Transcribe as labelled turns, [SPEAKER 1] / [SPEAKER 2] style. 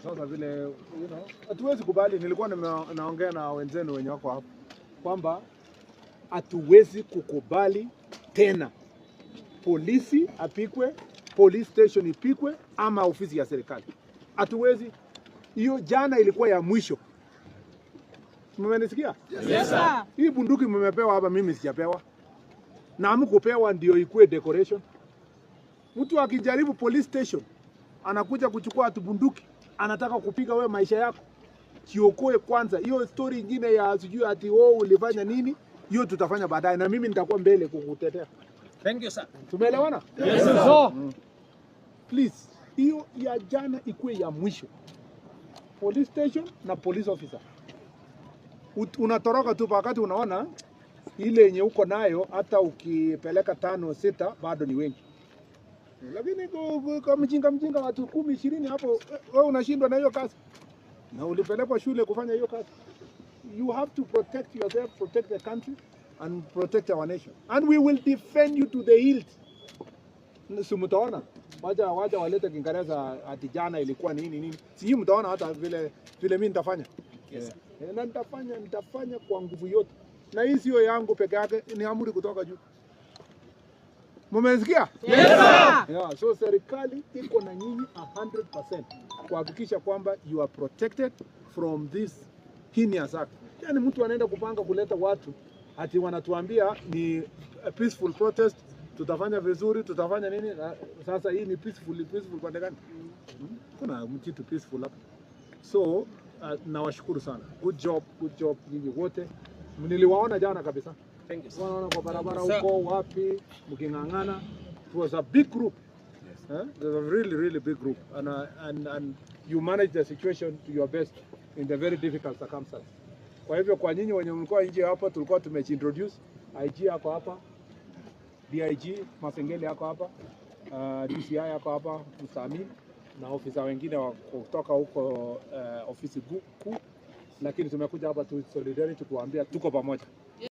[SPEAKER 1] tunaona sasa vile you know, hatuwezi kubali. Nilikuwa naongea na wenzenu wenye wako hapo kwamba hatuwezi kukubali tena polisi apikwe, police station ipikwe, ama ofisi ya serikali. Hatuwezi. Hiyo jana ilikuwa ya mwisho. Mmenisikia? Yes, Hii bunduki mmepewa hapa, mimi sijapewa na amkupewa ndio ikue decoration. Mtu akijaribu police station anakuja kuchukua tubunduki anataka kupiga wewe maisha yako, jiokoe kwanza. Hiyo story ingine ya sijui ati wewe oh, ulifanya nini, hiyo tutafanya baadaye, na mimi nitakuwa mbele kukutetea. Thank you sir. Tumeelewana?
[SPEAKER 2] Yes sir. So,
[SPEAKER 1] please hiyo ya jana ikuwe ya mwisho. Police station na police officer, unatoroka tu wakati unaona ile yenye uko nayo, hata ukipeleka tano sita bado ni wengi lakini kwa mjinga mjinga watu kumi ishirini hapo wewe unashindwa na hiyo kazi, na ulipelekwa shule kufanya hiyo kazi. You have to protect yourself, protect the country and protect our nation, and we will defend you to the hilt. Si mtaona waja waja walete Kiingereza ati jana ilikuwa nini nini, si mtaona hata vile vile mimi nitafanya yes. Yeah. Na nitafanya nitafanya kwa nguvu yote, na hii sio yangu peke yake, ni amri kutoka juu. Mumesikia?
[SPEAKER 2] Yes, sir.
[SPEAKER 1] Yeah, so serikali iko na nyinyi 100% kuhakikisha kwamba you are protected from this heinous act. Yani mtu anaenda kupanga kuleta watu ati wanatuambia ni peaceful protest, tutafanya vizuri, tutafanya nini? Sasa hii ni peaceful, peaceful pande gani? Hmm? Kuna kitu peaceful hapa. So uh, nawashukuru sana. Good job, good job nyinyi wote, niliwaona jana kabisa naona kwa barabara huko wapi mking'ang'ana. It was a big group. Yes. Huh? Eh? It was a really, really big group. And, uh, and, and you managed the situation to your best in the very difficult circumstances. Kwa hivyo kwa nyinyi wenye mlikuwa nje hapa tulikuwa tumejintroduce. IG yako hapa, DIG Masengeli yako hapa, uh, DCI yako hapa, Msami na ofisa wengine wa kutoka huko uh, ofisi kuu, lakini tumekuja hapa tu solidarity kuambia tuko pamoja.